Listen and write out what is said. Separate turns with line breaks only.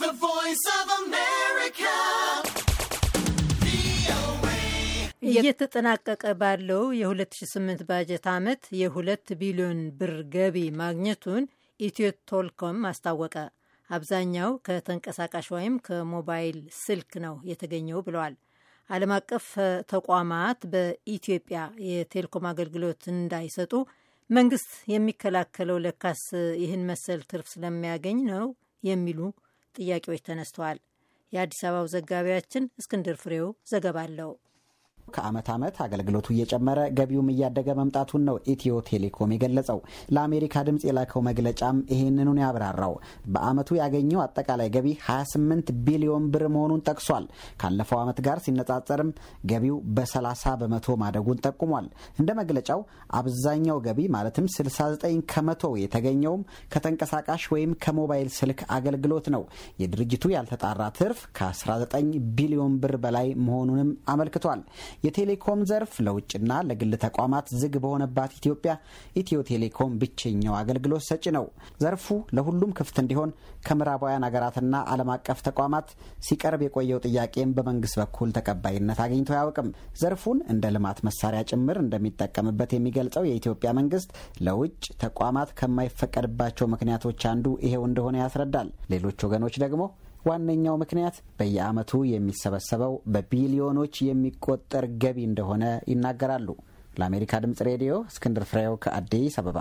The Voice of America.
እየተጠናቀቀ ባለው የ2008 ባጀት ዓመት የ2 ቢሊዮን ብር ገቢ ማግኘቱን ኢትዮ ቴሌኮም አስታወቀ። አብዛኛው ከተንቀሳቃሽ ወይም ከሞባይል ስልክ ነው የተገኘው ብለዋል። ዓለም አቀፍ ተቋማት በኢትዮጵያ የቴሌኮም አገልግሎት እንዳይሰጡ መንግስት የሚከላከለው ለካስ ይህን መሰል ትርፍ ስለሚያገኝ ነው የሚሉ ጥያቄዎች ተነስተዋል። የአዲስ አበባው ዘጋቢያችን እስክንድር ፍሬው ዘገባ አለው።
ከዓመት ዓመት አገልግሎቱ እየጨመረ ገቢውም እያደገ መምጣቱን ነው ኢትዮ ቴሌኮም የገለጸው። ለአሜሪካ ድምፅ የላከው መግለጫም ይህንኑን ያብራራው። በዓመቱ ያገኘው አጠቃላይ ገቢ 28 ቢሊዮን ብር መሆኑን ጠቅሷል። ካለፈው ዓመት ጋር ሲነጻጸርም ገቢው በ30 በመቶ ማደጉን ጠቁሟል። እንደ መግለጫው አብዛኛው ገቢ ማለትም 69 ከመቶ የተገኘውም ከተንቀሳቃሽ ወይም ከሞባይል ስልክ አገልግሎት ነው። የድርጅቱ ያልተጣራ ትርፍ ከ19 ቢሊዮን ብር በላይ መሆኑንም አመልክቷል። የቴሌኮም ዘርፍ ለውጭና ለግል ተቋማት ዝግ በሆነባት ኢትዮጵያ ኢትዮ ቴሌኮም ብቸኛው አገልግሎት ሰጪ ነው። ዘርፉ ለሁሉም ክፍት እንዲሆን ከምዕራባውያን ሀገራትና ዓለም አቀፍ ተቋማት ሲቀርብ የቆየው ጥያቄም በመንግስት በኩል ተቀባይነት አግኝቶ አያውቅም። ዘርፉን እንደ ልማት መሳሪያ ጭምር እንደሚጠቀምበት የሚገልጸው የኢትዮጵያ መንግስት ለውጭ ተቋማት ከማይፈቀድባቸው ምክንያቶች አንዱ ይሄው እንደሆነ ያስረዳል። ሌሎች ወገኖች ደግሞ ዋነኛው ምክንያት በየዓመቱ የሚሰበሰበው በቢሊዮኖች የሚቆጠር ገቢ እንደሆነ ይናገራሉ። ለአሜሪካ ድምፅ ሬዲዮ እስክንድር ፍሬው ከአዲስ አበባ